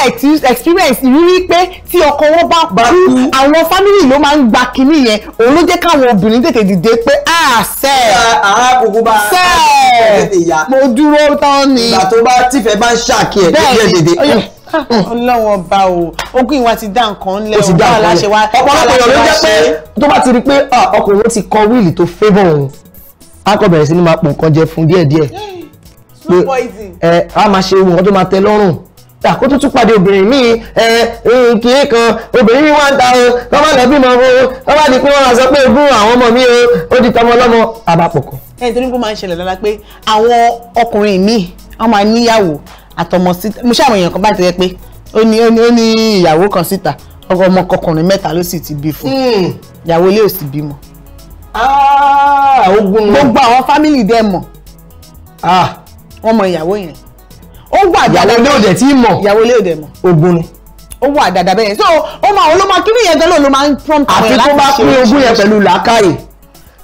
experience ìrírí pé tí ọkọ wọn bá kú àwọn family ló máa ń gba kinní yẹn òun ló jẹ́ káwọn obìnrin tètè dìde pé ah sẹ́ sẹ́ mo dúró tán ni. ìgbà tó bá tífẹ̀ bá ń ṣàkí ẹ̀ lójú ẹ̀ dèdè ọlọ́wọ́n ba o ogún ìwà ti dá nǹkan ńlẹ̀ ọ̀gá aláṣẹ wa. ọ̀pọ̀lọpọ̀ èèyàn ló jẹ́ pé tó bá ti rí pé ọkùnrin ti kọ wíìlì tó fẹ́ bọ̀ a kò bẹ̀rẹ̀ sí ni máa pò nǹkan jẹ fún díẹ̀díẹ̀ pé a máa ṣe nǹkan tó máa tẹ́ lọ́rùn kó tó tún pàdé obìnrin míì kìí kan obìnrin míì wá ń ta o kọ́ má lọ bímọ o kọ́ má di pé wọ́n máa sọ pé ogún àwọn ọmọ mi o ó di tọmọ lọ́mọ àbápọ̀kọ. ẹ nítorí pé ó máa ń ṣẹlẹ̀ lọ́la pé àwọn ọkùnrin míì wọ́n máa níyàwó àtọmọ síta mo ṣàwọn èèyàn kan bá ti rẹ pé ó ní ó ní ó ní ìyàwó kan síta ọkọ ọmọ ọkùnrin mẹ́ta ló sì ti bí fún hmm. ìyàwó ilé ò sì bímọ. Ah, ogun náà gbogbo àwọn fámìlì dẹ mọ̀ ah. wọ́n mọ ìyàwó yẹn ó wà dáadáa ìyàwó ilé òde tí mọ̀ ìyàwó ilé òde mọ̀ ogun ni ó wà dáadáa bẹ́ẹ̀ so ó máa ó ló máa kíní yẹn gan ló máa ń prompt ẹ̀ láti ṣe àfi tó bá pín ogún yẹn pẹ̀lú làákàyè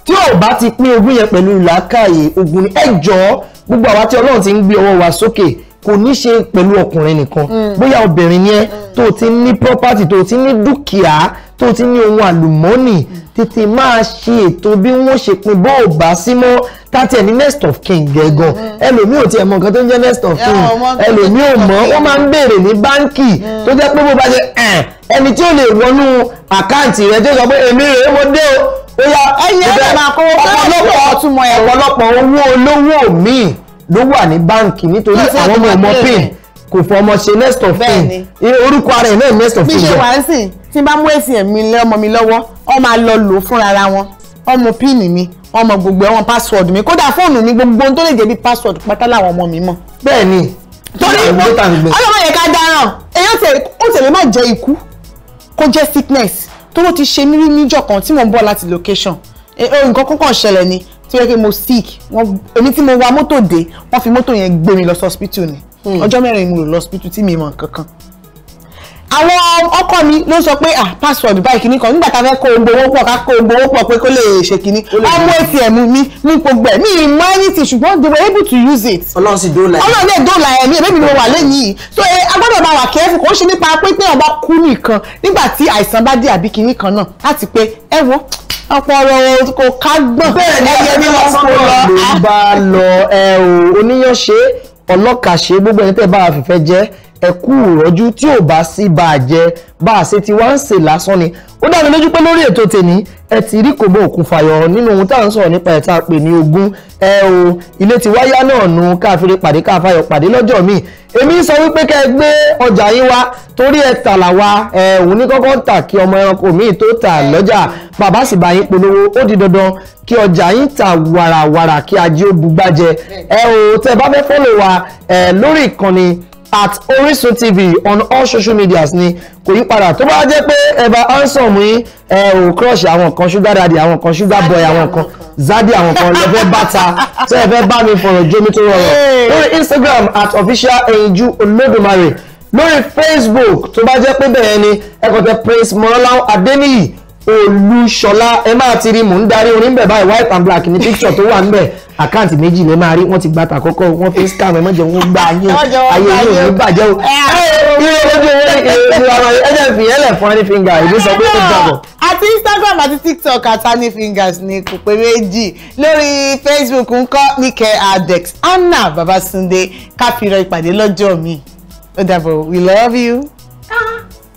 tí ò bá ti pín ogún yẹn pẹ̀lú làákàyè ogun ni ẹ jọ̀ọ́ gbogbo àwa tí ọlọ́run ti ń gbé ọwọ́ wa sókè kò ní ṣe pẹ̀lú ọkùnrin nìkan mm. bóyá obìnrin ni mm. tó ti ní property tó ti ní dúkìá tó ti ní ohun àlùmọ́ọ́nì tètè máa ṣe ètò bí wọ́n ṣe pin bó o bá sí mọ́ tàti ẹni next of king gẹ̀gàn mm-hmm. ẹlòmíì ò tiẹ̀ mọ nǹkan tó ń jẹ́ next of king ẹlòmíì ò mọ̀ wọ́n máa ń béèrè ní báńkì mm-hmm. tó jẹ́ pé bó bá ṣe ẹni tí ó lè wọnú àkáǹtì rẹ tó sọ pé èmi é mo dé o bóyá ẹyin ẹ̀rẹ̀ máa kó ọ̀pọ̀lọpọ̀ ọ̀túnmọ̀ ẹ̀ ọ̀pọ̀lọpọ̀ owó olówó míì ló wà ní báǹkì nítorí àwọn ọmọ ọmọ pin kò fọmọ ṣe next of kin orúkọ ara ẹ̀ náà next of kin tí n bá mú ATM mi lé ọmọ mi lọ́wọ́ ọ máa lọ lò ó fúnra wọn ọmọ pin mi ọmọ gbogbo ẹwọn password mi kódà fóònù mi gbogbo ohun tó lè jẹ bí password pátá làwọn ọmọ mi mọ̀. bẹ́ẹ̀ni torí ọlọ́mọ yẹn ká dáràn èyí ó tẹ̀lé má jẹ́ ikú kó jẹ́ sickness tó ló ti ṣe mí rí níjọ́ kan tí mò ń bọ̀ láti location nǹkan kọ́kàn ṣẹlẹ̀ ni tí wọ́n yẹ kí mo sick èmi tí mo wa mọ́tò dé wọ́n fi mọ́tò yẹn gbé mi lọ sí hospital ni hmm. ọjọ́ mẹ́rin mo lò lọ hospital tí mi mọ̀ nǹkan àwọn ọkọ mi ló sọ pé ah password báyìí kìíní kan nígbà tá a fẹ́ kó gbowó pọ̀ ká kó gbowó pọ̀ pé kó lè ṣe kìíní ọmọ atm mi ní gbogbo ẹ̀ mi ì mọ anything ṣùgbọ́n they were able to use it. ọlọ́run sì dóòlà ẹ̀ ọlọ́run dẹ̀ dóòlà ẹ̀ mi ẹ̀ bẹ́ẹ̀ mi wà lẹ́yìn yìí so ẹ agbọ́dọ̀ máa wà kẹ́ẹ́fù kò ń ṣe nípa pé pé ọba kú nìkan nígbà tí àìsàn bá dé àbí kìíní kan náà láti pé ẹ wo ọpọlọ kò ká gbọ́n ẹyẹ ni wọ́n kó lọ. ló bá lọ ẹ o oníyanṣe ọlọ́kàṣe gbogbo ẹni tẹ́ bá a fìfẹ́ jẹ́ ẹ kú ìrọ́jú tí ò bá sí bá a jẹ bá a ṣe ti wá ń ṣe lásán ni ó dá mi lójú pé lórí ètò tèmi ẹ ti rí kòbó òkun fàyọ nínú ohun tá à ń sọ̀rọ̀ nípa ẹ̀ tá a pè ní ogún ẹ o ilé ti wáyá náà nu káfíńrè pàdé káfáyọ pàdé lọ́jọ́ míì èmi sọ wípé kẹ́ gbé ọjà yín wá torí ẹ tàlà wa ẹ òun ní kọ́kọ́ tà kí ọmọ ẹranko míì tó tà lọ́jà bàbá sì bá yín polówó ó di dandan kí ọjà yín tà wàràwàrà kí ajé ó bugbájẹ ẹ o tẹ bá fẹ́ fọ́lọ̀ wa ẹ lórí ìkànnì at Orisun TV on all social medias ni kò yí padà tó bá jẹ́ pé ẹ bá handsome yín ẹ ò crush àwọn kan sugar daddy àwọn kan sugar boy àwọn kan zadi àwọn kan lè fẹ́ bàtà tẹ́ ẹ fẹ́ bá mi fọ̀rọ̀ jomi tó rọrùn lórí Instagram at official eyinju olódùmarè lórí Facebook tó bá jẹ́ pé bẹ́ẹ̀ ni ẹ kàn tẹ Prince Mọ́láláwọ́ Adéníyì olúṣọlá ẹ máa ti rí mò ń darí orin bẹ̀ báyìí white and black ní picture tó wà níbẹ̀ àkáǹtì méjì lè máa rí wọ́n ti gba tàkọ́kọ́ wọ́n fi scam ẹ mọ́jọ wọn gba yín ayé yín ò ní bàjẹ́ o ilé ojú owó ẹ̀jẹ̀ fi ẹlẹ̀ fún ẹni fíngà ìlú sọ pé ó dàbọ̀. àti instagram àti tiktok àtàní fingers ni kò pé méjì lórí facebook ńkọ́ níkẹ́ adex anna babasunde káfíńrọ ìpàdé lọ́jọ́ mi ó dàbọ̀ we love you.